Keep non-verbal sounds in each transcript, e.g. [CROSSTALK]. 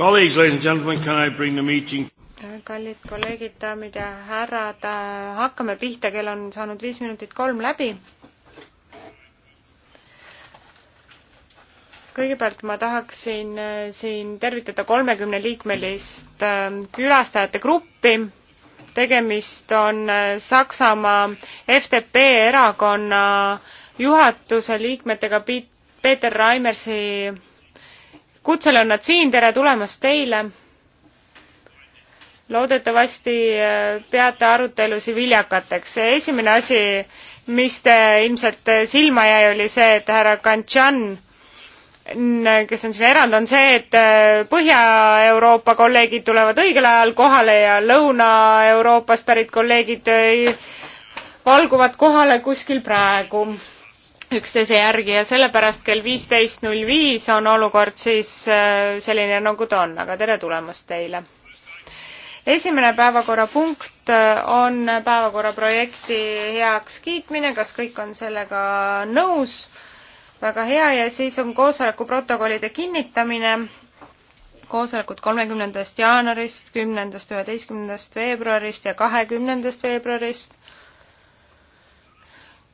Colleagues, ladies and gentlemen, can I bring the meeting? kallid kolleegid, daamid ja härrad, hakkame pihta, kell on saanud viis minutit kolm läbi. kõigepealt ma tahaksin eh, siin tervitada kolmekümne liikmelist eh, külastajate gruppi. tegemist on eh, Saksamaa FDP erakonna juhatuse liikmetega Peeter Raimersi kutsel on nad siin, tere tulemast teile. loodetavasti äh, peate arutelusid viljakateks. esimene asi, mis te ilmselt silma jäi, oli see, et härra Kantšan kes on siin erand, on see, et äh, Põhja-Euroopa kolleegid tulevad õigel ajal kohale ja Lõuna-Euroopast pärit kolleegid äh, valguvad kohale kuskil praegu üksteise järgi ja sellepärast kell viisteist null viis on olukord siis äh, selline, nagu ta on, aga tere tulemast teile. esimene päevakorrapunkt äh, on päevakorra projekti heakskiitmine, kas kõik on sellega nõus? väga hea ja siis on koosoleku protokollide kinnitamine, koosolekud kolmekümnendast jaanuarist, kümnendast, üheteistkümnendast veebruarist ja kahekümnendast veebruarist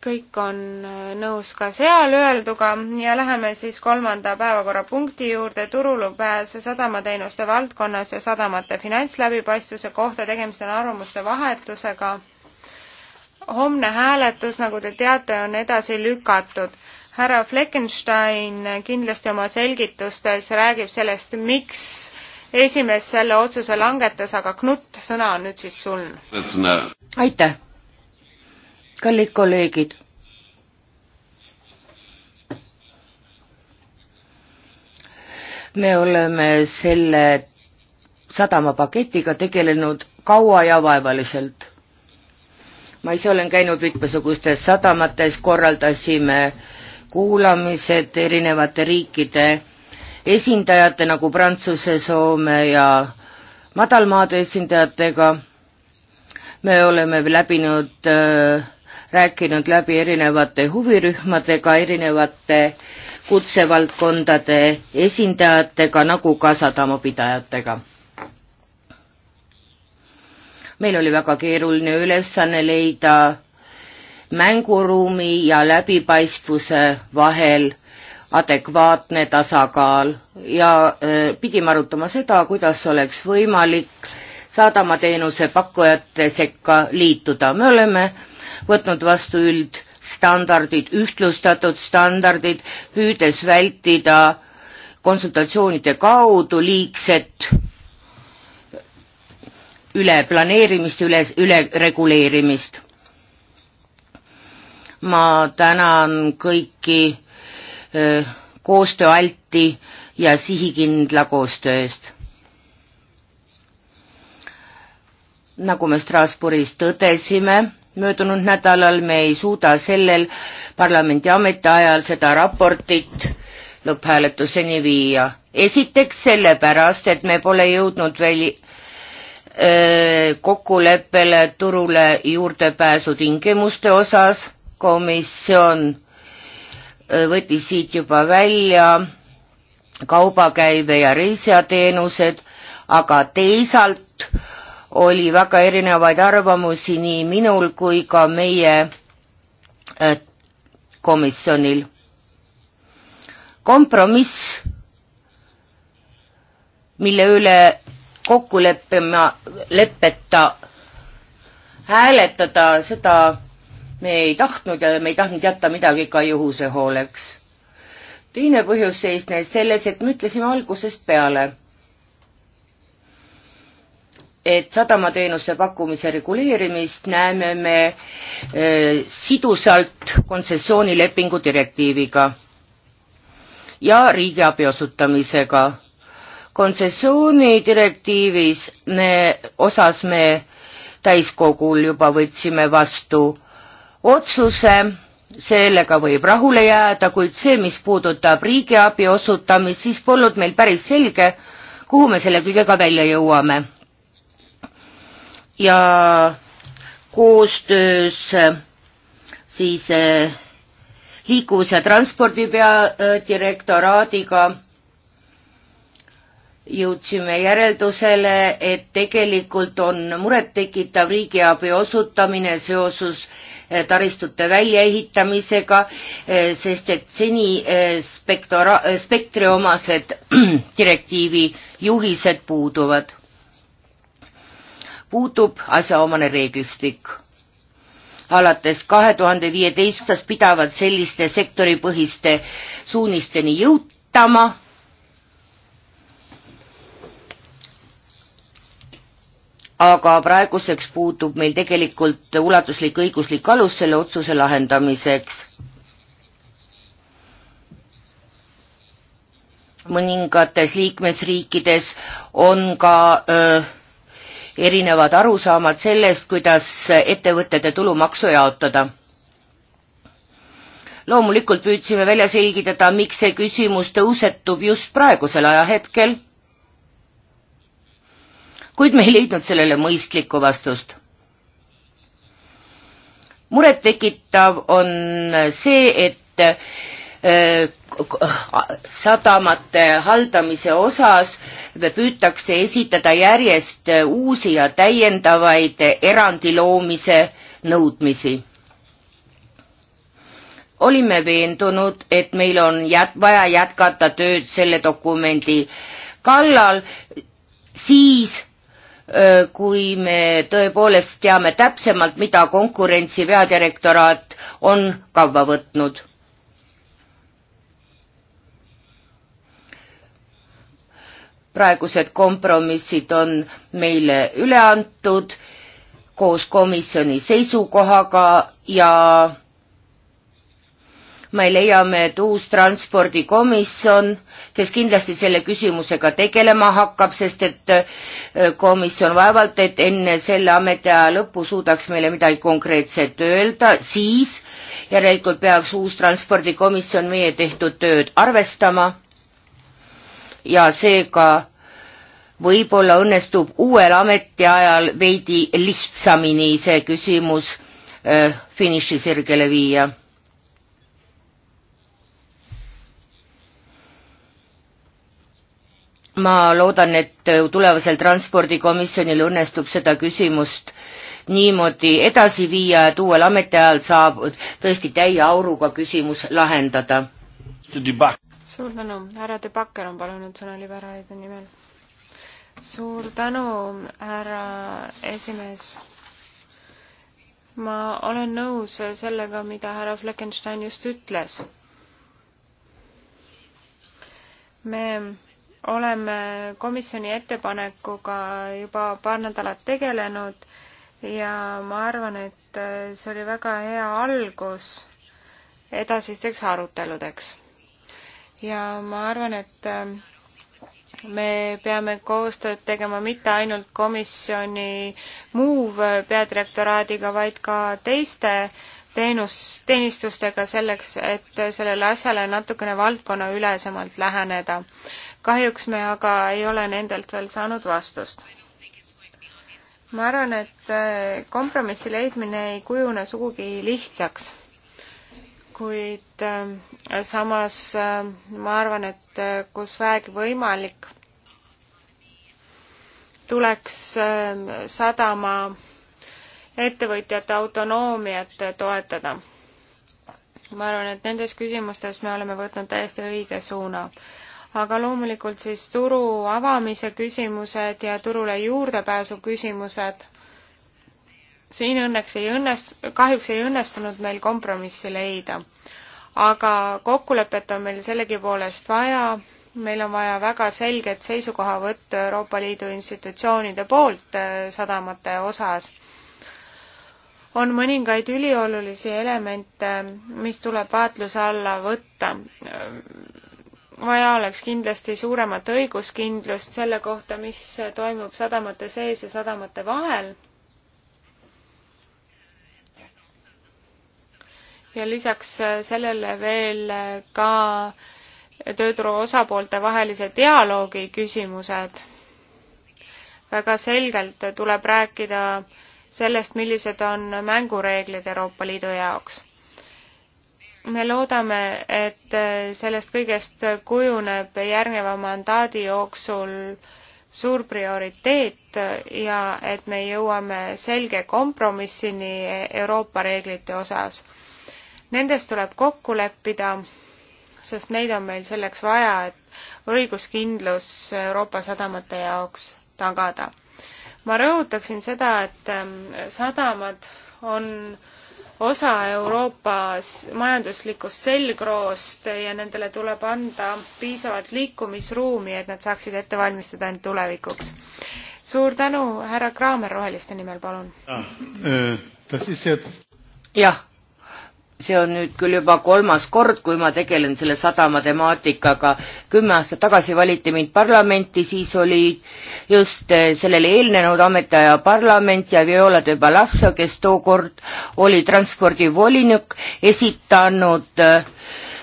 kõik on äh, nõus ka seal öelduga ja läheme siis kolmanda päevakorrapunkti juurde, turulupääs sadamateenuste valdkonnas ja sadamate finantsläbipaistvuse kohta, tegemist on arvamuste vahetusega. homne hääletus, nagu te teate, on edasi lükatud. härra Fleckenstein kindlasti oma selgitustes räägib sellest, miks esimees selle otsuse langetas, aga Knut, sõna on nüüd siis sul. aitäh kallid kolleegid. me oleme selle sadamapaketiga tegelenud kaua ja vaevaliselt. ma ise olen käinud mitmesugustes sadamates, korraldasime kuulamised erinevate riikide esindajate nagu Prantsuse, Soome ja madalmaade esindajatega. me oleme läbinud äh, rääkinud läbi erinevate huvirühmadega, erinevate kutsevaldkondade esindajatega nagu ka sadamapidajatega. meil oli väga keeruline ülesanne leida mänguruumi ja läbipaistvuse vahel adekvaatne tasakaal ja öö, äh, pidime arutama seda, kuidas oleks võimalik sadamateenuse pakkujate sekka liituda. me oleme võtnud vastu üldstandardid, ühtlustatud standardid, püüdes vältida konsultatsioonide kaudu liigset üleplaneerimist, üle, ülereguleerimist. ma tänan kõiki öö, koostööalti ja sihikindla koostöö eest. nagu me Strasbourgis tõdesime, möödunud nädalal me ei suuda sellel parlamendi ametiajal seda raportit lõpphääletuseni viia. esiteks sellepärast, et me pole jõudnud veel öö, kokkuleppele turule juurdepääsu tingimuste osas, komisjon võttis siit juba välja kaubakäive ja reisijateenused, aga teisalt oli väga erinevaid arvamusi nii minul kui ka meie äh, komisjonil. kompromiss, mille üle kokkuleppema, leppeta hääletada, seda me ei tahtnud ja me ei tahtnud jätta midagi ka juhuse hooleks. teine põhjus seisnes selles, et me ütlesime algusest peale et sadamateenuse pakkumise reguleerimist näeme me eh, sidusalt kontsessioonilepingu direktiiviga ja riigiabi osutamisega. kontsessioonidirektiivis me, osas me täiskogul juba võtsime vastu otsuse, sellega võib rahule jääda, kuid see, mis puudutab riigiabi osutamist, siis polnud meil päris selge, kuhu me selle kõigega välja jõuame ja koostöös siis eh, liikuvus- ja transpordi peadirektoraadiga jõudsime järeldusele, et tegelikult on murettekitav riigiabi osutamine seoses eh, taristute väljaehitamisega, eh, sest et seni spektora, spektri omased [CLEARS THROAT] direktiivi juhised puuduvad puutub asjaomane reeglistik. alates kahe tuhande viieteistkümnendast pidavad selliste sektoripõhiste suunisteni jõutama. aga praeguseks puudub meil tegelikult ulatuslik õiguslik alus selle otsuse lahendamiseks mõningates liikmesriikides on ka öö, erinevad arusaamad sellest, kuidas ettevõtete tulumaksu jaotada. loomulikult püüdsime välja selgitada, miks see küsimus tõusetub just praegusel ajahetkel, kuid me ei leidnud sellele mõistlikku vastust murettekitav on see, et Äh, sadamate haldamise osas püütakse esitada järjest äh, uusi ja täiendavaid äh, erandi loomise nõudmisi. olime veendunud, et meil on jät-, vaja jätkata tööd selle dokumendi kallal, siis kui me tõepoolest teame täpsemalt, mida konkurentsi peadirektoraat on kavva võtnud praegused kompromissid on meile üle antud koos komisjoni seisukohaga ja me leiame, et uus transpordikomisjon, kes kindlasti selle küsimusega tegelema hakkab, sest et äh, komisjon vaevalt, et enne selle ametiaja lõppu suudaks meile midagi konkreetset öelda, siis järelikult peaks uus transpordikomisjon meie tehtud tööd arvestama ja seega võib-olla õnnestub uuel ametiajal veidi lihtsamini see küsimus äh, finišisirgele viia. ma loodan, et tulevasel transpordikomisjonil õnnestub seda küsimust niimoodi edasi viia, et uuel ametiajal saab tõesti täie auruga küsimus lahendada suur tänu, härra De Backer on palunud sõna liberaide nimel. suur tänu, härra esimees ma olen nõus sellega, mida härra Fleckenstein just ütles. me oleme komisjoni ettepanekuga juba paar nädalat tegelenud ja ma arvan, et see oli väga hea algus edasisteks aruteludeks ja ma arvan, et äh, me peame koostööd tegema mitte ainult komisjoni muuv peadirektoraadiga, vaid ka teiste teenus, teenistustega selleks, et sellele asjale natukene valdkonnaülesemalt läheneda. kahjuks me aga ei ole nendelt veel saanud vastust ma arvan, et äh, kompromissi leidmine ei kujune sugugi lihtsaks kuid ähm, samas ähm, ma arvan, et äh, kus vähegi võimalik, tuleks ähm, sadama ettevõtjate autonoomiat äh, toetada. ma arvan, et nendes küsimustes me oleme võtnud täiesti õige suuna. aga loomulikult siis turu avamise küsimused ja turule juurdepääsu küsimused siin õnneks ei õnnest-, kahjuks ei õnnestunud meil kompromissi leida. aga kokkulepet on meil sellegipoolest vaja, meil on vaja väga selget seisukohavõttu Euroopa Liidu institutsioonide poolt äh, sadamate osas. on mõningaid üliolulisi elemente, mis tuleb vaatluse alla võtta vaja oleks kindlasti suuremat õiguskindlust selle kohta, mis toimub sadamate sees ja sadamate vahel. ja lisaks äh, sellele veel äh, ka tööturu osapoolte vahelise dialoogi küsimused. väga selgelt tuleb rääkida sellest, millised on mängureeglid Euroopa Liidu jaoks. me loodame, et äh, sellest kõigest kujuneb järgneva mandaadi jooksul suur prioriteet ja et me jõuame selge kompromissini Euroopa reeglite osas Nendes tuleb kokku leppida, sest neid on meil selleks vaja, et õiguskindlus Euroopa sadamate jaoks tagada. ma rõhutaksin seda, et ähm, sadamad on osa Euroopas majanduslikust selgroost ja nendele tuleb anda piisavalt liikumisruumi, et nad saaksid ette valmistada end tulevikuks. suur tänu, härra Kraamer Roheliste nimel, palun. Ah, äh, jah, see on nüüd küll juba kolmas kord, kui ma tegelen selle sadama temaatikaga. kümme aastat tagasi valiti mind parlamenti, siis oli just eh, sellele eelnenud ametiaja parlament ja Viola de Palazzo, kes tookord oli transpordivolinik, esitanud eh,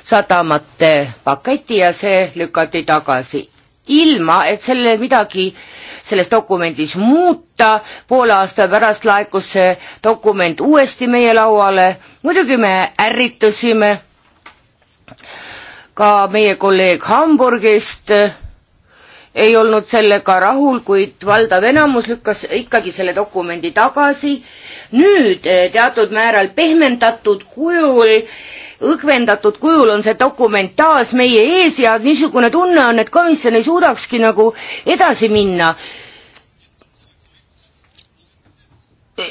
sadamate paketi ja see lükati tagasi ilma, et sellele midagi selles dokumendis muuta, poole aasta pärast laekus see dokument uuesti meie lauale, muidugi me ärritusime, ka meie kolleeg Hamburgist ei olnud sellega rahul, kuid valdav enamus lükkas ikkagi selle dokumendi tagasi. nüüd eh, teatud määral pehmendatud kujul õhvendatud kujul on see dokument taas meie ees ja niisugune tunne on, et komisjon ei suudakski nagu edasi minna.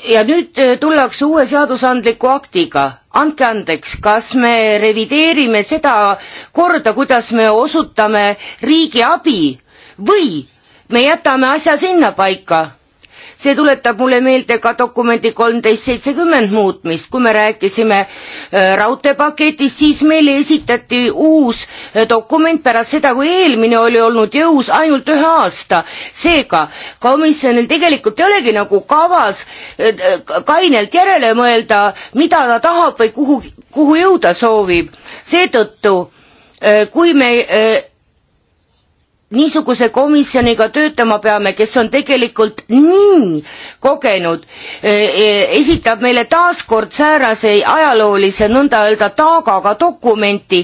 ja nüüd äh, tullakse uue seadusandliku aktiga. andke andeks, kas me revideerime seda korda, kuidas me osutame riigi abi või me jätame asja sinnapaika? see tuletab mulle meelde ka dokumendi kolmteist seitsekümmend muutmist, kui me rääkisime äh, raudteepaketist, siis meile esitati uus äh, dokument pärast seda, kui eelmine oli olnud jõus ainult ühe aasta. seega komisjonil tegelikult ei olegi nagu kavas äh, kainelt järele mõelda, mida ta tahab või kuhu, kuhu jõuda soovib. seetõttu kui me niisuguse komisjoniga töötama peame, kes on tegelikult nii kogenud, e, e, esitab meile taaskord säärase ajaloolise nõnda öelda taagaga dokumenti,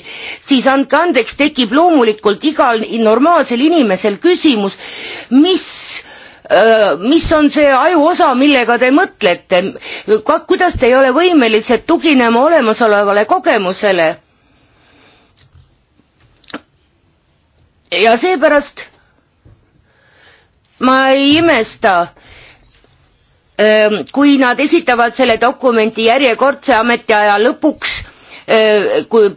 siis andke andeks, tekib loomulikult igal normaalsel inimesel küsimus, mis e, mis on see ajuosa, millega te mõtlete, kuidas te ei ole võimelised tuginema olemasolevale kogemusele ja seepärast ma ei imesta, ähm, kui nad esitavad selle dokumendi järjekordse ametiaja lõpuks äh, kui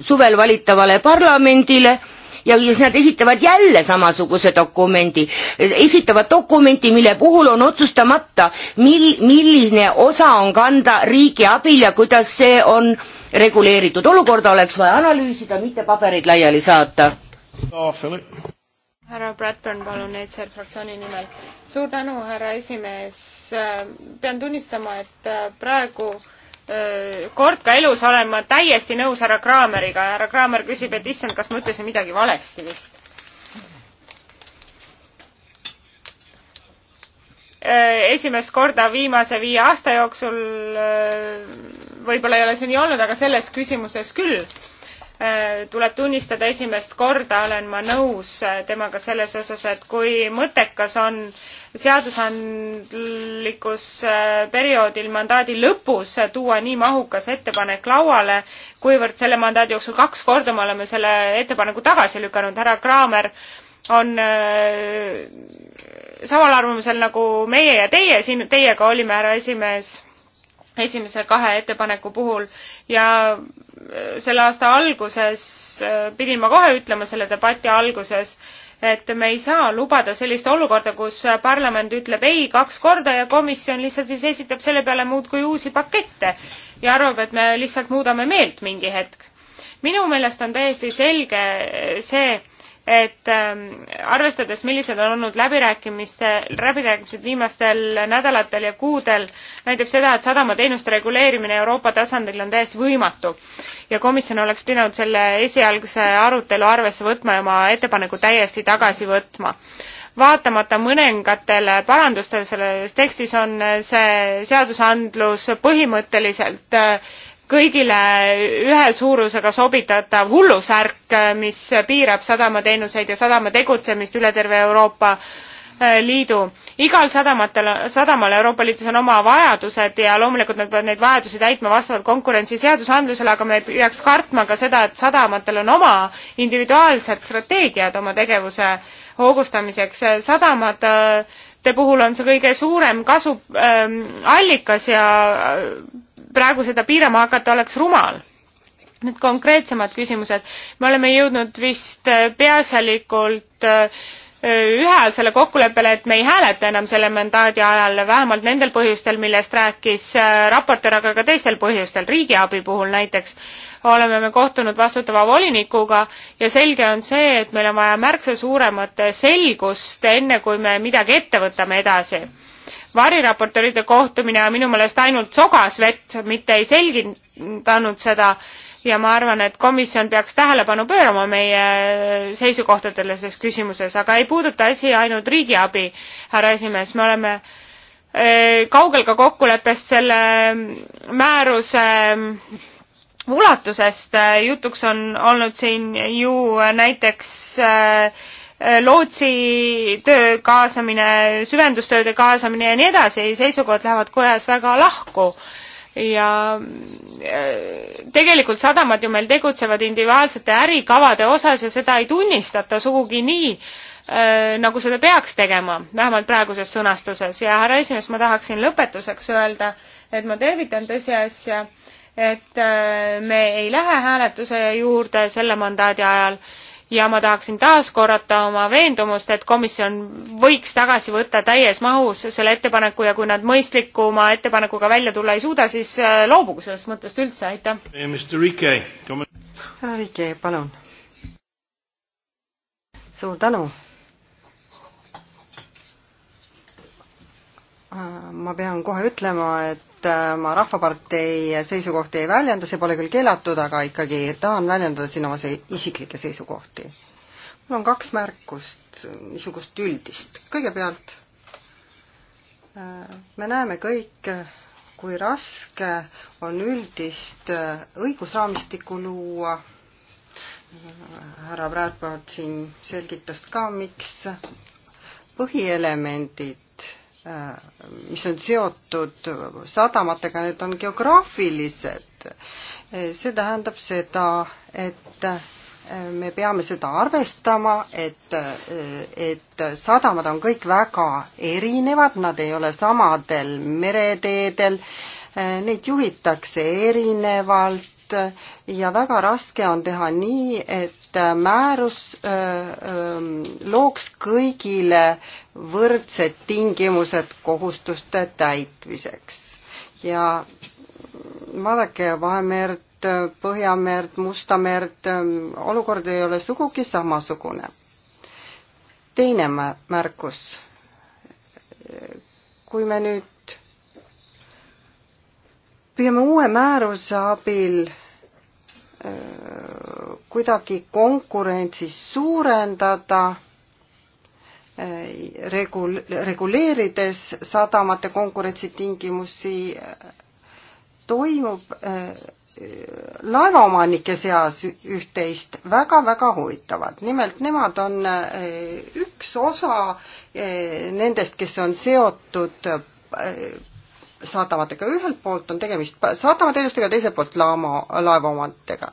suvel valitavale parlamendile ja siis nad esitavad jälle samasuguse dokumendi, esitavad dokumenti, mille puhul on otsustamata, mil-, milline osa on kanda riigi abil ja kuidas see on reguleeritud. olukorda oleks vaja analüüsida, mitte pabereid laiali saata härra Bradburn, palun, ETSR fraktsiooni nimel. suur tänu, härra esimees. Äh, pean tunnistama, et äh, praegu äh, kord ka elus olen ma täiesti nõus härra Kraameriga. härra Kraamer küsib, et issand, kas ma ütlesin midagi valesti vist. esimest korda viimase viie aasta jooksul võib-olla ei ole see nii olnud, aga selles küsimuses küll Äh, tuleb tunnistada esimest korda, olen ma nõus äh, temaga selles osas, et kui mõttekas on seadusandlikus äh, perioodil mandaadi lõpus tuua nii mahukas ettepanek lauale, kuivõrd selle mandaadi jooksul kaks korda me oleme selle ettepaneku tagasi lükanud, härra Kraamer on samal arvamusel nagu meie ja teie siin, teiega olime, härra esimees esimese kahe ettepaneku puhul ja äh, selle aasta alguses äh, pidin ma kohe ütlema selle debati alguses, et me ei saa lubada sellist olukorda, kus parlament ütleb ei kaks korda ja komisjon lihtsalt siis esitab selle peale muudkui uusi pakette ja arvab, et me lihtsalt muudame meelt mingi hetk. minu meelest on täiesti selge äh, see, et ähm, arvestades, millised on olnud läbirääkimiste, läbirääkimised viimastel nädalatel ja kuudel, näitab seda, et sadamateenuste reguleerimine Euroopa tasandil on täiesti võimatu. ja komisjon oleks pidanud selle esialgse arutelu arvesse võtma ja oma ettepaneku täiesti tagasi võtma vaatamata mõningatele parandustele selles tekstis on see seadusandlus põhimõtteliselt äh, kõigile ühe suurusega sobitatav hullusärk, mis piirab sadamateenuseid ja sadama tegutsemist üle terve Euroopa äh, Liidu. igal sadamatel, sadamal Euroopa Liidus on oma vajadused ja loomulikult nad peavad neid vajadusi täitma vastavalt konkurentsiseadusandlusele, aga me peaks kartma ka seda, et sadamatel on oma individuaalsed strateegiad oma tegevuse hoogustamiseks. sadamad äh, puhul on see kõige suurem kasuallikas ähm, ja äh, praegu seda piirama hakata oleks rumal. nüüd konkreetsemad küsimused. me oleme jõudnud vist äh, peaasjalikult äh, ühehäälsele kokkuleppele, et me ei hääleta enam selle mandaadi ajal, vähemalt nendel põhjustel, millest rääkis äh, raportöör, aga ka teistel põhjustel, riigiabi puhul näiteks oleme me kohtunud vastutava volinikuga ja selge on see, et meil on vaja märksa suuremat selgust, enne kui me midagi ette võtame edasi variraportööride kohtumine on minu meelest ainult sogas vett, mitte ei selgitanud seda ja ma arvan, et komisjon peaks tähelepanu pöörama meie seisukohtadele selles küsimuses, aga ei puuduta asi ainult riigiabi, härra esimees, me oleme eh, kaugel ka kokkuleppest selle määruse eh, ulatusest, jutuks on olnud siin ju näiteks äh, Äh, lootsitöö kaasamine, süvendustööde kaasamine ja nii edasi, seisukohad lähevad kojas väga lahku ja äh, tegelikult sadamad ju meil tegutsevad individuaalsete ärikavade osas ja seda ei tunnistata sugugi nii, äh, nagu seda peaks tegema, vähemalt praeguses sõnastuses ja härra esimees, ma tahaksin lõpetuseks öelda, et ma tervitan tõsiasja, et me ei lähe hääletuse juurde selle mandaadi ajal ja ma tahaksin taas korrata oma veendumust, et komisjon võiks tagasi võtta täies mahus selle ettepaneku ja kui nad mõistlikuma ettepanekuga välja tulla ei suuda, siis äh, loobugu sellest mõttest üldse, aitäh. härra Rike, palun. suur tänu. Äh, ma pean kohe ütlema, et Äh, ma Rahvapartei seisukohti ei väljenda, see pole küll keelatud, aga ikkagi tahan väljendada siin oma isiklikke seisukohti. mul on kaks märkust, niisugust üldist. kõigepealt äh, me näeme kõik, kui raske on üldist äh, õigusraamistikku luua. härra Bradford siin selgitas ka, miks põhielemendid Äh, mis on seotud sadamatega, need on geograafilised. see tähendab seda, et äh, me peame seda arvestama, et, äh, et sadamad on kõik väga erinevad, nad ei ole samadel mereteedel, neid juhitakse erinevalt ja väga raske on teha nii, et et äh, määrus öö, äh, ähm, looks kõigile võrdsed tingimused kohustuste täitmiseks ja vaadake Vahemerd, äh, Põhjamerd, Musta merd, ähm, olukord ei ole sugugi samasugune. teine märkus. kui me nüüd püüame uue määruse abil Äh, kuidagi konkurentsi suurendada, äh, regul-, reguleerides sadamate konkurentsitingimusi, äh, toimub laevaomanike seas üht-teist väga-väga huvitavat. nimelt nemad on üks osa nendest, kes on seotud sadamatega, ühelt poolt on tegemist sadamateenustega, teiselt poolt laama, laevaomadega.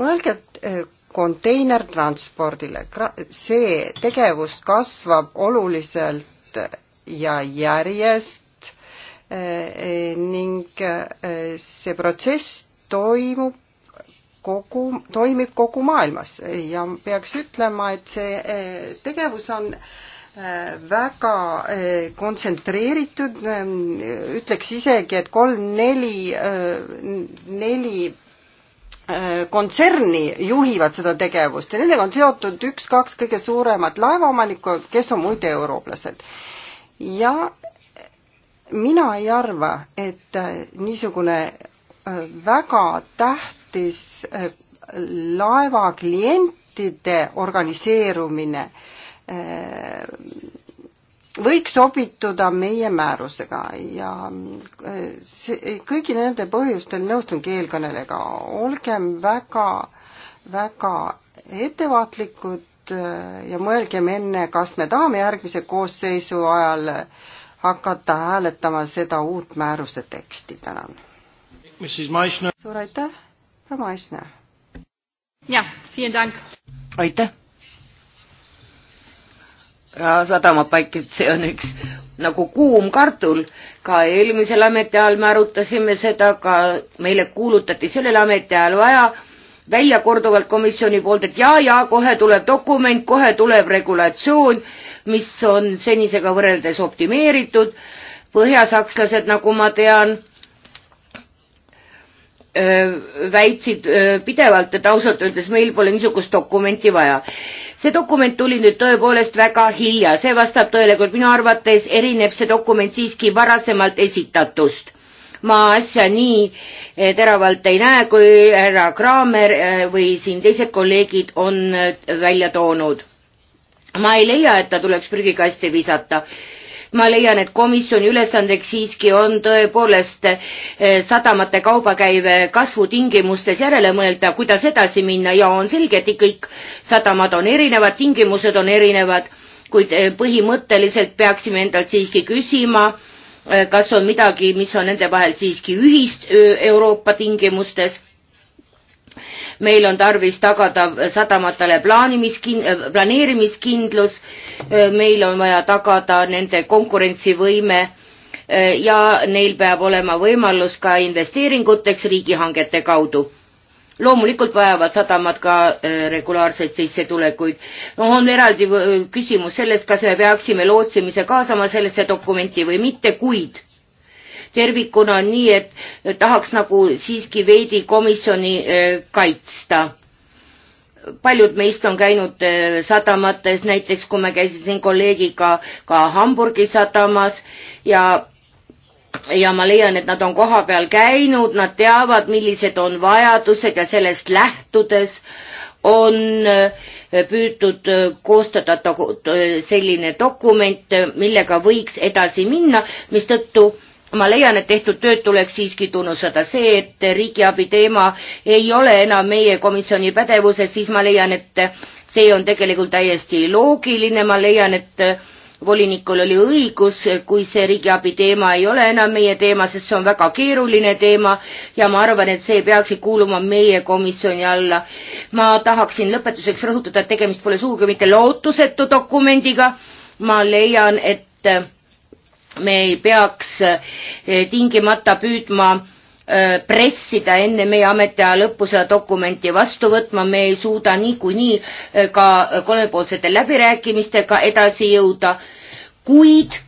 mõelge eh, konteinertranspordile, see tegevus kasvab oluliselt ja järjest eh, ning eh, see protsess toimub kogu, toimib kogu maailmas ja peaks ütlema, et see tegevus on äh, väga eh, kontsentreeritud, ehm, ütleks isegi, et kolm-neli, neli eh, eh, kontserni juhivad seda tegevust ja nendega on seotud üks-kaks kõige suuremat laevaomanikku, kes on muide eurooplased. ja mina ei arva, et niisugune väga tähtis laeva klientide organiseerumine äh, Äh, võiks sobituda meie määrusega ja äh, see, kõigi nende põhjustel nõustungi eelkõnelega, olgem väga, väga ettevaatlikud äh, ja mõelgem enne, kas me tahame järgmise koosseisu ajal hakata hääletama seda uut määruse teksti, tänan. suur aitäh, proua Maisner! jah, aitäh! Äh, sadamapaik, et see on üks nagu kuum kartul. ka eelmisel ametiajal me arutasime seda, ka meile kuulutati sellel ametiajal vaja välja korduvalt komisjoni poolt, et jaa, jaa, kohe tuleb dokument, kohe tuleb regulatsioon, mis on senisega võrreldes optimeeritud. põhjasakslased, nagu ma tean, äh, väitsid äh, pidevalt, et ausalt öeldes meil pole niisugust dokumenti vaja see dokument tuli nüüd tõepoolest väga hilja, see vastab tõele, kuid minu arvates erineb see dokument siiski varasemalt esitatust. ma asja nii eh, teravalt ei näe, kui härra Kraamer eh, või siin teised kolleegid on eh, välja toonud. ma ei leia, et ta tuleks prügikasti visata ma leian, et komisjoni ülesandeks siiski on tõepoolest eh, sadamate kaubakäive kasvu tingimustes järele mõelda, kuidas edasi minna ja on selge, et kõik sadamad on erinevad, tingimused on erinevad, kuid eh, põhimõtteliselt peaksime endalt siiski küsima, eh, kas on midagi, mis on nende vahel siiski ühist Euroopa tingimustes meil on tarvis tagada sadamatele plaanimiskin-, planeerimiskindlus, meil on vaja tagada nende konkurentsivõime ja neil peab olema võimalus ka investeeringuteks riigihangete kaudu loomulikult vajavad sadamad ka e, regulaarseid sissetulekuid. no on eraldi küsimus sellest, kas me peaksime lootsimise kaasama sellesse dokumenti või mitte, kuid tervikuna, nii et tahaks nagu siiski veidi komisjoni äh, kaitsta paljud meist on käinud äh, sadamates, näiteks kui me käisime siin kolleegiga ka Hamburgi sadamas ja ja ma leian, et nad on kohapeal käinud, nad teavad, millised on vajadused ja sellest lähtudes on äh, püütud koostada selline dokument, millega võiks edasi minna, mistõttu ma leian, et tehtud tööd tuleks siiski tunnustada. see, et riigiabi teema ei ole enam meie komisjoni pädevuses, siis ma leian, et see on tegelikult täiesti loogiline, ma leian, et volinikul oli õigus, kui see riigiabi teema ei ole enam meie teema, sest see on väga keeruline teema ja ma arvan, et see peaks kuuluma meie komisjoni alla. ma tahaksin lõpetuseks rõhutada, et tegemist pole sugugi mitte lootusetu dokumendiga, ma leian, et me ei peaks eh, tingimata püüdma eh, pressida enne meie ametiaja lõppu seda dokumenti vastu võtma, me ei suuda niikuinii eh, ka kolmepoolsete läbirääkimistega edasi jõuda, kuid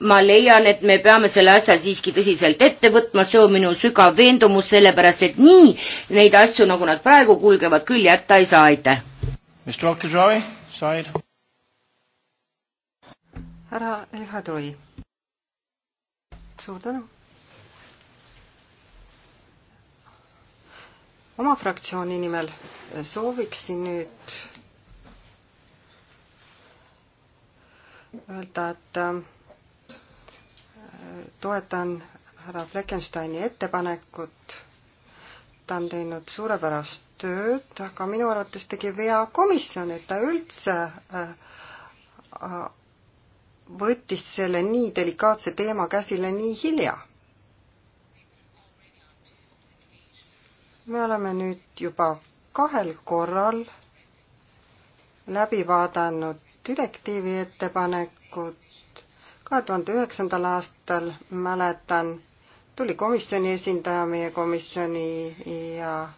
ma leian, et me peame selle asja siiski tõsiselt ette võtma, see on minu sügav veendumus, sellepärast et nii neid asju, nagu nad praegu kulgevad, küll jätta ei saa, aitäh. härra Elhadroi suur tänu. oma fraktsiooni nimel sooviksin nüüd öelda, et äh, toetan härra Fleckensteini ettepanekut. ta on teinud suurepärast tööd, aga minu arvates tegi vea komisjon, et ta üldse äh, võttis selle nii delikaatse teema käsile nii hilja? me oleme nüüd juba kahel korral läbi vaadanud direktiivi ettepanekut. kahe tuhande üheksandal aastal, mäletan, tuli komisjoni esindaja meie komisjoni ja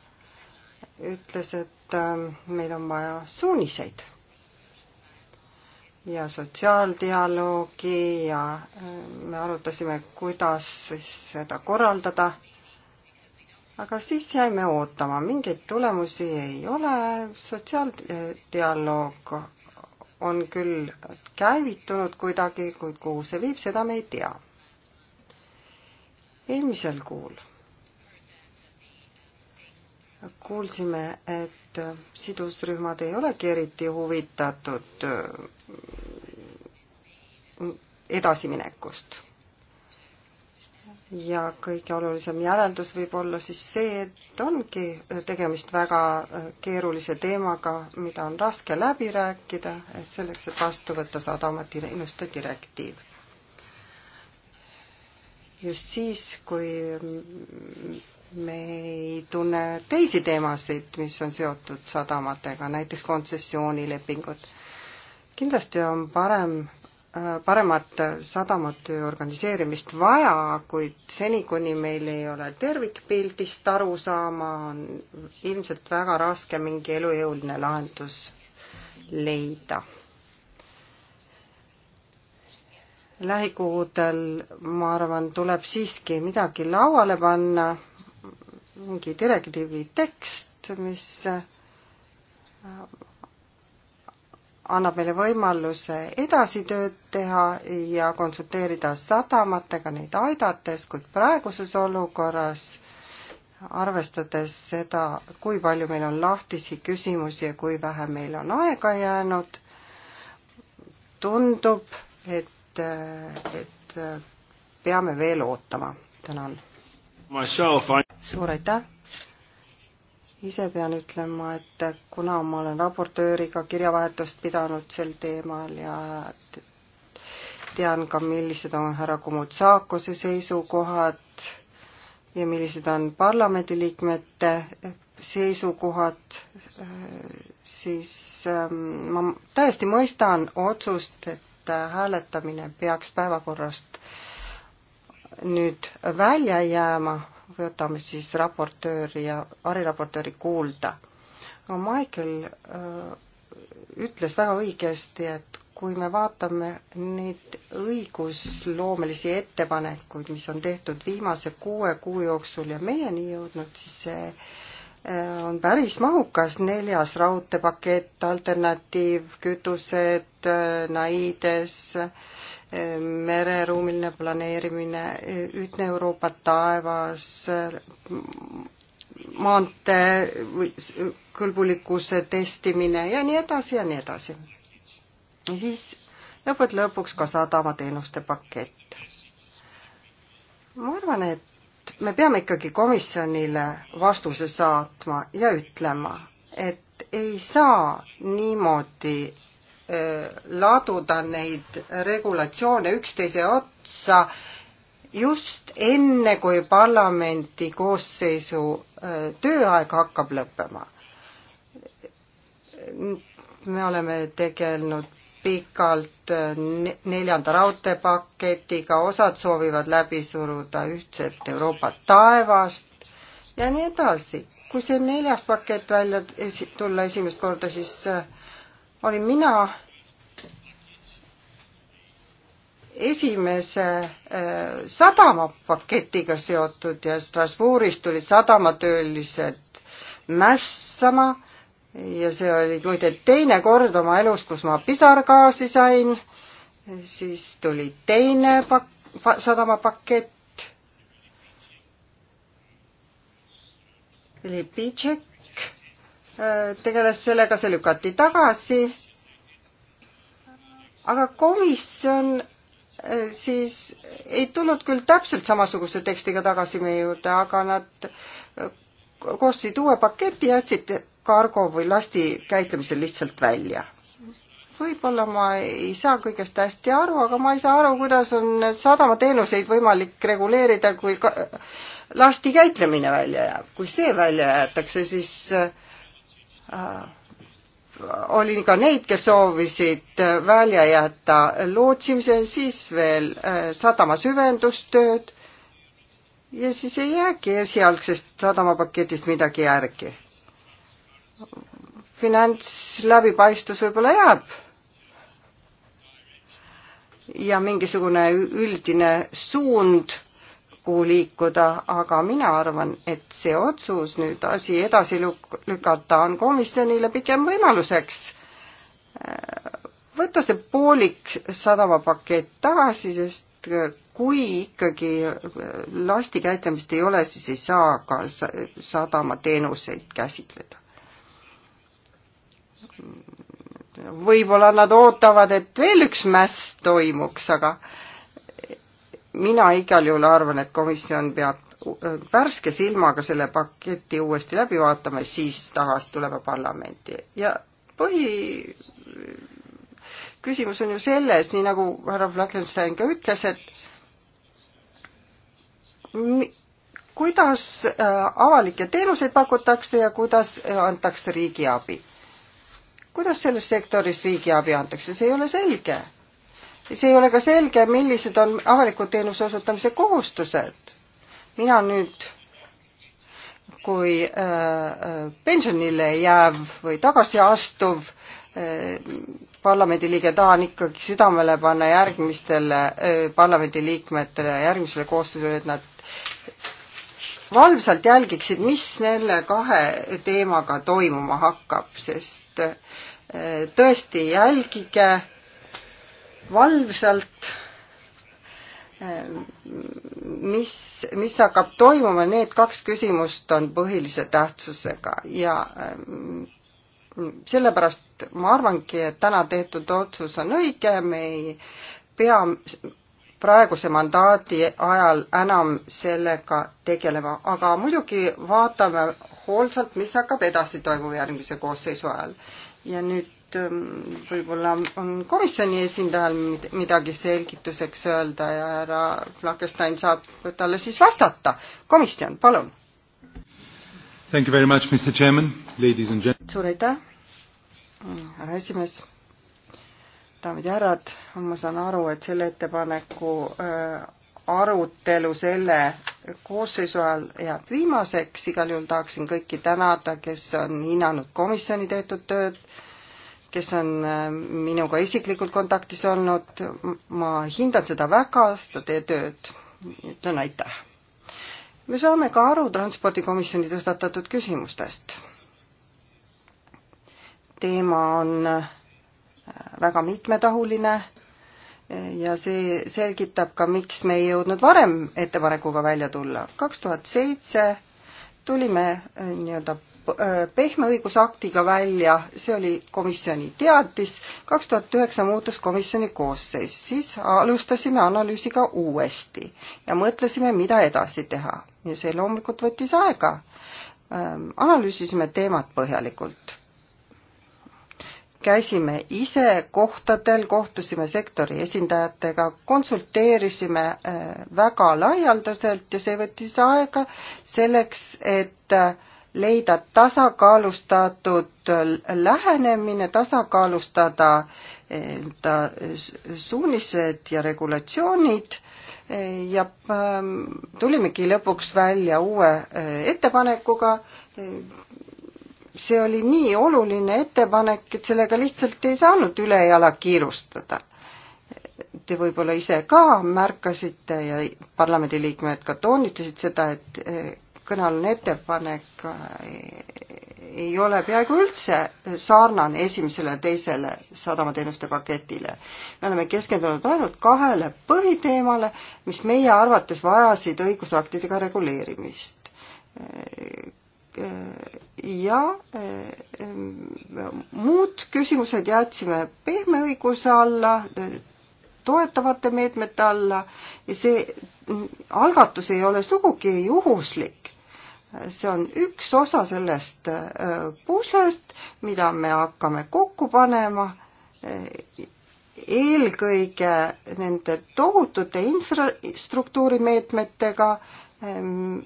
ütles, et ähm, meil on vaja suuniseid ja sotsiaaldialoogi ja äh, me arutasime, kuidas siis seda korraldada. aga siis jäime ootama, mingeid tulemusi ei ole, sotsiaaldialoog on küll käivitunud kuidagi, kuid kuhu see viib, seda me ei tea. eelmisel kuul kuulsime, et sidusrühmad ei olegi eriti huvitatud äh, edasiminekust. ja kõige olulisem järeldus võib olla siis see, et ongi tegemist väga äh, keerulise teemaga, mida on raske läbi rääkida, selleks, et vastu võtta sadamateenuste direktiiv just siis, kui me ei tunne teisi teemasid, mis on seotud sadamatega, näiteks kontsessioonilepingud. kindlasti on parem paremat sadamatöö organiseerimist vaja, kuid seni, kuni meil ei ole tervikpildist aru saama, on ilmselt väga raske mingi elujõuline lahendus leida. lähikuudel, ma arvan, tuleb siiski midagi lauale panna, mingi direktiivi tekst, mis annab meile võimaluse edasi tööd teha ja konsulteerida sadamatega neid aidates, kuid praeguses olukorras arvestades seda, kui palju meil on lahtisi küsimusi ja kui vähe meil on aega jäänud, tundub, et, et peame veel ootama. tänan. suur aitäh! ise pean ütlema, et kuna ma olen raportööriga kirjavahetust pidanud sel teemal ja tean ka, millised on härra Kumutsakose seisukohad ja millised on parlamendiliikmete seisukohad, siis ähm, ma täiesti mõistan otsust, et hääletamine peaks päevakorrast nüüd välja jääma võtame siis raportööri ja variraportööri kuulda. aga Michael äh, ütles väga õigesti, et kui me vaatame neid õigusloomelisi ettepanekuid, mis on tehtud viimase kuue kuu jooksul ja meieni jõudnud, siis see äh, on päris mahukas, neljas raudteepakett, alternatiivkütused, äh, naides äh, mereruumiline planeerimine, ühtne Euroopa taevas, maantee või kõlbulikkuse testimine ja nii edasi ja nii edasi. ja siis lõppude lõpuks ka sadamateenuste pakett. ma arvan, et me peame ikkagi komisjonile vastuse saatma ja ütlema, et ei saa niimoodi Äh, laduda neid regulatsioone üksteise otsa just enne, kui parlamenti koosseisu äh, tööaeg hakkab lõppema. me oleme tegelenud pikalt äh, neljanda raudteepaketiga, osad soovivad läbi suruda ühtset Euroopa taevast ja nii edasi. kui see neljas pakett välja tulla esimest korda, siis äh, olin mina esimese äh, sadamapaketiga seotud ja Strasbourgis tulid sadamatöölised mässama ja see oli muide teine kord oma elus, kus ma pisargaasi sain. siis tuli teine pak-, sadamapakett. Lipitšek Äh, tegeles sellega, see lükati tagasi. aga komisjon äh, siis ei tulnud küll täpselt samasuguse tekstiga tagasi meie juurde, aga nad äh, koostasid uue paketi ja jätsid kargo või lasti käitlemisel lihtsalt välja. võib-olla ma ei saa kõigest hästi aru, aga ma ei saa aru, kuidas on sadamateenuseid võimalik reguleerida, kui lasti käitlemine välja jääb. kui see välja jäetakse, siis äh, Äh, oli ka neid, kes soovisid äh, välja jätta lootsimise, siis veel äh, sadama süvendustööd ja siis ei jäägi esialgsest sadamapaketist midagi järgi. finantsläbipaistvus võib-olla jääb. ja mingisugune üldine suund kuhu liikuda, aga mina arvan, et see otsus nüüd asi edasi lük-, lükata on komisjonile pigem võimaluseks võtta see poolik sadamapakett tagasi, sest kui ikkagi lasti käitlemist ei ole, siis ei saa ka sadamateenuseid käsitleda. võib-olla nad ootavad, et veel üks mäss toimuks, aga äh, mina igal juhul arvan, et komisjon peab äh, värske silmaga selle paketi uuesti läbi vaatama, siis tagasi tulema parlamenti ja põhi äh, küsimus on ju selles, nii nagu härra Flagenstein ka ütles, et kuidas äh, avalikke teenuseid pakutakse ja kuidas antakse riigiabi. kuidas selles sektoris riigiabi antakse, see ei ole selge see ei ole ka selge, millised on avaliku teenuse osutamise kohustused. mina nüüd kui äh, äh pensionile jääv või tagasi astuv äh, parlamendiliige tahan ikkagi südamele panna järgmistele äh, parlamendiliikmetele, järgmisele koostööle, et nad valvsalt jälgiksid, mis nende kahe teemaga toimuma hakkab, sest äh, tõesti jälgige valvsalt, mis, mis hakkab toimuma, need kaks küsimust on põhilise tähtsusega ja mm, sellepärast ma arvangi, et täna tehtud otsus on õige, me ei pea praeguse mandaadi ajal enam sellega tegelema, aga muidugi vaatame hoolsalt, mis hakkab edasi toimuma järgmise koosseisu ajal. ja nüüd et ähm, võib-olla on komisjoni esindajal midagi selgituseks öelda ja härra Flakenstein saab talle siis vastata. komisjon, palun. Thank you very much, Mr Chairman, ladies and gentlemen. suur aitäh, härra esimees, daamid ja härrad, ma saan aru, et selle ettepaneku äh, arutelu selle koosseisu ajal jääb viimaseks, igal juhul tahaksin kõiki tänada, kes on hinnanud komisjoni tehtud tööd, kes on äh, minuga isiklikult kontaktis olnud. ma hindan seda väga, seda teie tööd. ütlen aitäh. me saame ka aru transpordikomisjoni tõstatatud küsimustest. teema on äh, väga mitmetahuline äh, ja see selgitab ka, miks me ei jõudnud varem ettepanekuga välja tulla. kaks tuhat seitse tulime nii-öelda Äh, pehme õigusaktiga välja, see oli komisjoni teatis, kaks tuhat üheksa muutus komisjoni koosseis, siis alustasime analüüsiga uuesti ja mõtlesime, mida edasi teha ja see loomulikult võttis aega. Ähm, analüüsisime teemat põhjalikult. käisime ise kohtadel, kohtusime sektori esindajatega, konsulteerisime äh, väga laialdaselt ja see võttis aega selleks, et äh, leida tasakaalustatud lähenemine, tasakaalustada eh, ta suunised ja regulatsioonid eh, ja ähm, tulimegi lõpuks välja uue eh, ettepanekuga. see oli nii oluline ettepanek, et sellega lihtsalt ei saanud ülejala kiirustada te võib-olla ise ka märkasite ja parlamendiliikmed ka toonitasid seda, et kõne all on ettepanek, äh, ei ole peaaegu üldse sarnane esimesele ja teisele sadamateenuste paketile. me oleme keskendunud ainult kahele põhiteemale, mis meie arvates vajasid õigusaktidega reguleerimist. ja äh, muud küsimused jätsime pehme õiguse alla, toetavate meetmete alla ja see algatus ei ole sugugi juhuslik see on üks osa sellest äh, puslest, mida me hakkame kokku panema äh, eelkõige nende tohutute infrastruktuurimeetmetega, äh,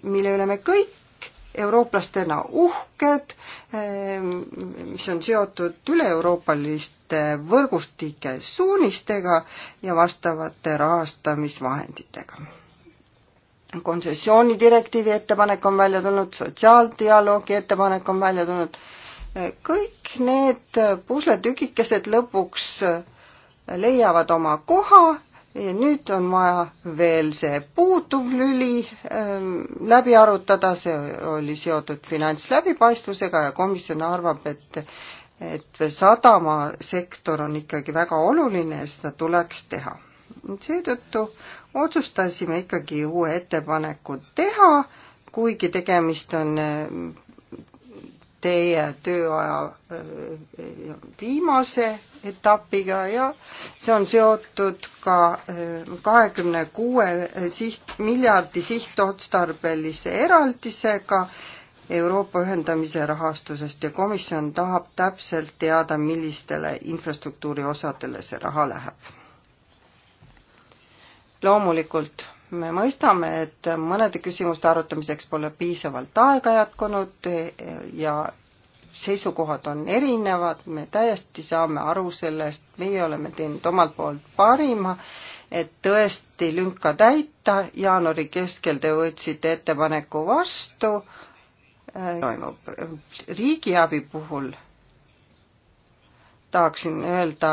mille üle me kõik eurooplastena uhked, mis on seotud üle-euroopaliste võrgustike suunistega ja vastavate rahastamisvahenditega kontsessioonidirektiivi ettepanek on välja tulnud, sotsiaaldialoogi ettepanek on välja tulnud. kõik need pusletükikesed lõpuks leiavad oma koha ja nüüd on vaja veel see puutuv lüli ähm, läbi arutada, see oli seotud finantsläbipaistvusega ja komisjon arvab, et et sadamasektor on ikkagi väga oluline ja seda tuleks teha seetõttu otsustasime ikkagi uue ettepaneku teha, kuigi tegemist on äh, teie tööaja äh, viimase etapiga ja see on seotud ka äh, kahekümne kuue siht, miljardi sihtotstarbelise eraldisega Euroopa ühendamise rahastusest ja komisjon tahab täpselt teada, millistele infrastruktuuri osadele see raha läheb loomulikult me mõistame, et mõnede küsimuste arutamiseks pole piisavalt aega jätkunud ja seisukohad on erinevad, me täiesti saame aru sellest, meie oleme teinud omalt poolt parima, et tõesti lünka täita, jaanuari keskel te võtsite ettepaneku vastu, toimub riigiabi puhul, tahaksin öelda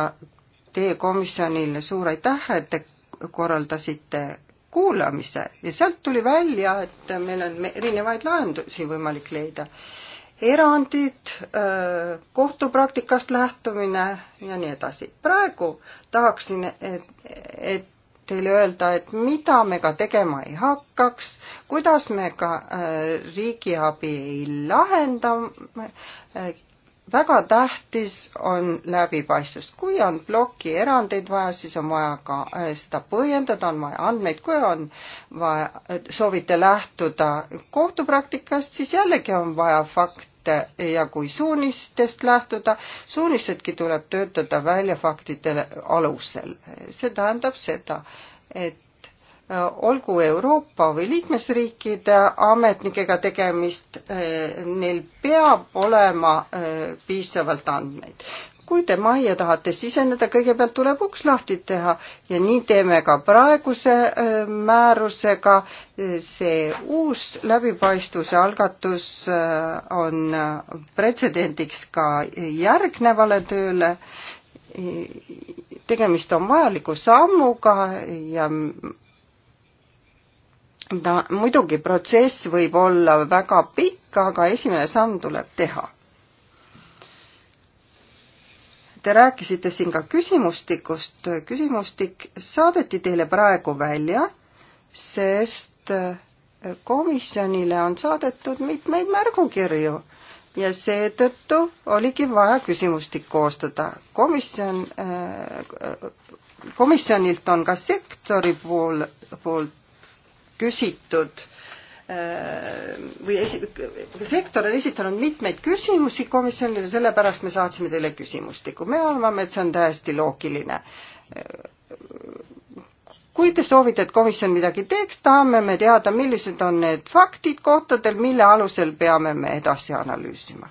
teie komisjonile suur aitäh, et te korraldasite kuulamise ja sealt tuli välja, et meil on erinevaid lahendusi võimalik leida. erandid, äh, kohtupraktikast lähtumine ja nii edasi. praegu tahaksin, et, et teile öelda, et mida me ka tegema ei hakkaks, kuidas me ka äh, riigiabi ei lahenda, äh, väga tähtis on läbipaistvus. kui on ploki erandeid vaja, siis on vaja ka äh, seda põhjendada, on vaja andmeid, kui on vaja, soovite lähtuda kohtupraktikast, siis jällegi on vaja fakte ja kui suunistest lähtuda, suunisedki tuleb töötada välja faktide alusel. see tähendab seda, et Äh, olgu Euroopa või liikmesriikide ametnikega tegemist, äh, neil peab olema äh, piisavalt andmeid. kui te majja tahate siseneda, kõigepealt tuleb uks lahti teha ja nii teeme ka praeguse määrusega. see uus läbipaistvuse algatus on pretsedendiks ka järgnevale tööle tegemist on vajaliku sammuga ja ta muidugi protsess võib olla väga pikk, aga esimene samm tuleb teha. Te rääkisite siin ka küsimustikust, küsimustik saadeti teile praegu välja, sest komisjonile on saadetud mitmeid märgukirju ja seetõttu oligi vaja küsimustik koostada. komisjon, äh, komisjonilt on ka sektori pool, poolt küsitud äh, või esi-, sektor on esitanud mitmeid küsimusi komisjonile, sellepärast me saatsime teile küsimustiku. me arvame, et see on täiesti loogiline. kui te soovite, et komisjon midagi teeks, tahame me teada, millised on need faktid kohtadel, mille alusel peame me edasi analüüsima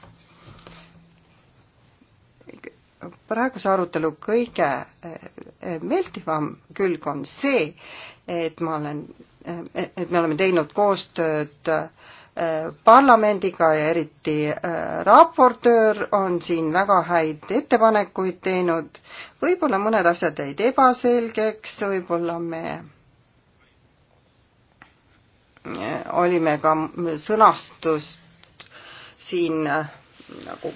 praeguse arutelu kõige eh, meeldivam külg on see, et ma olen, eh, et me oleme teinud koostööd eh, parlamendiga ja eriti raportöör on siin väga häid ettepanekuid teinud. võib-olla mõned asjad jäid ebaselgeks, võib-olla me olime ka sõnastust siin nagu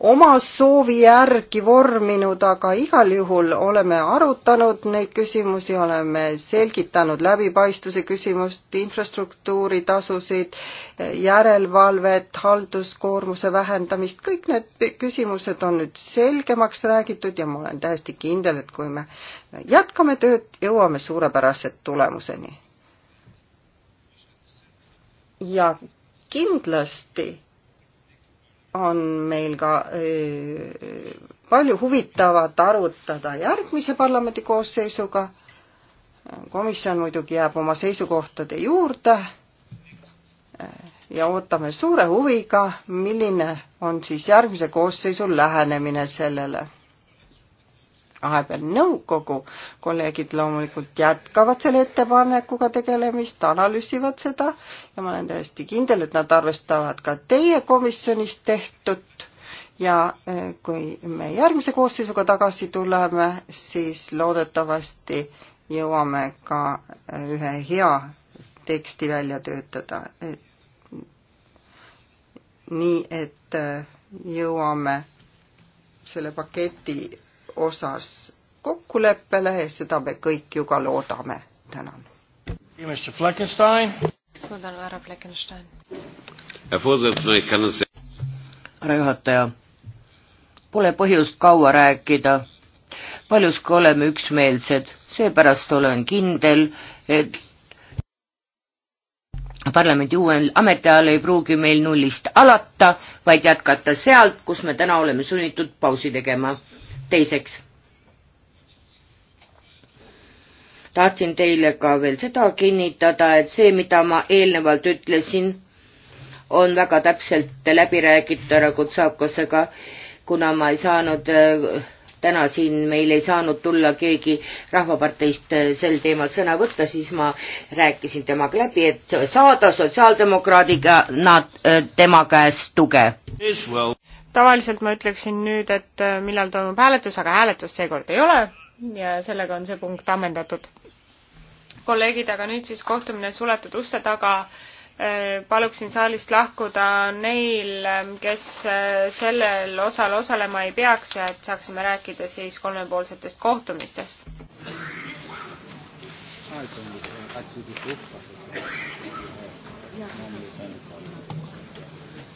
oma soovi järgi vorminud, aga igal juhul oleme arutanud neid küsimusi, oleme selgitanud läbipaistvuse küsimust, infrastruktuuri tasusid, järelevalvet, halduskoormuse vähendamist, kõik need küsimused on nüüd selgemaks räägitud ja ma olen täiesti kindel, et kui me jätkame tööd, jõuame suurepärase tulemuseni. ja kindlasti on meil ka palju huvitavat arutada järgmise parlamendi koosseisuga. komisjon muidugi jääb oma seisukohtade juurde ja ootame suure huviga, milline on siis järgmise koosseisu lähenemine sellele vahepeal nõukogu kolleegid loomulikult jätkavad selle ettepanekuga tegelemist, analüüsivad seda ja ma olen täiesti kindel, et nad arvestavad ka teie komisjonis tehtut ja eh, kui me järgmise koosseisuga tagasi tuleme, siis loodetavasti jõuame ka eh, ühe hea teksti välja töötada. nii et eh, jõuame selle paketi osas kokkuleppele ja seda me kõik ju ka loodame. tänan. suur tänu, härra Fleckenstein. härra juhataja, pole põhjust kaua rääkida paljuski oleme üksmeelsed, seepärast olen kindel, et parlamendi uuel ametiajal ei pruugi meil nullist alata, vaid jätkata sealt, kus me täna oleme sunnitud pausi tegema teiseks tahtsin teile ka veel seda kinnitada, et see, mida ma eelnevalt ütlesin, on väga täpselt läbi räägitud härra Kutsakosega, kuna ma ei saanud, täna siin meil ei saanud tulla keegi Rahvaparteist sel teemal sõna võtta, siis ma rääkisin temaga läbi, et saada sotsiaaldemokraadiga nad, tema käest tuge. Well tavaliselt ma ütleksin nüüd, et äh, millal toimub hääletus, aga hääletust seekord ei ole ja sellega on see punkt ammendatud. kolleegid, aga nüüd siis kohtumine suletud uste taga. Äh, paluksin saalist lahkuda neil, ähm, kes äh, sellel osal osalema ei peaks ja et saaksime rääkida siis kolmepoolsetest kohtumistest.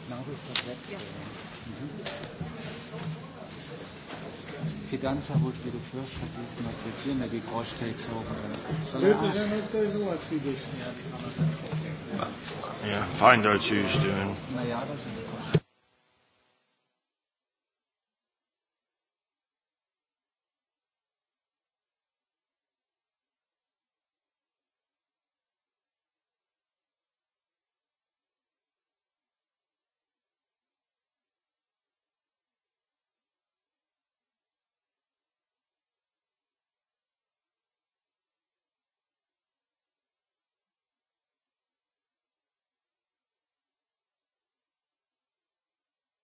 Now we start back. Yes. Fidanza would be the first, but he's not yet here. Maybe Grosch takes over. Shall I ask? Ja, find out who's doing. Nou ja, dat is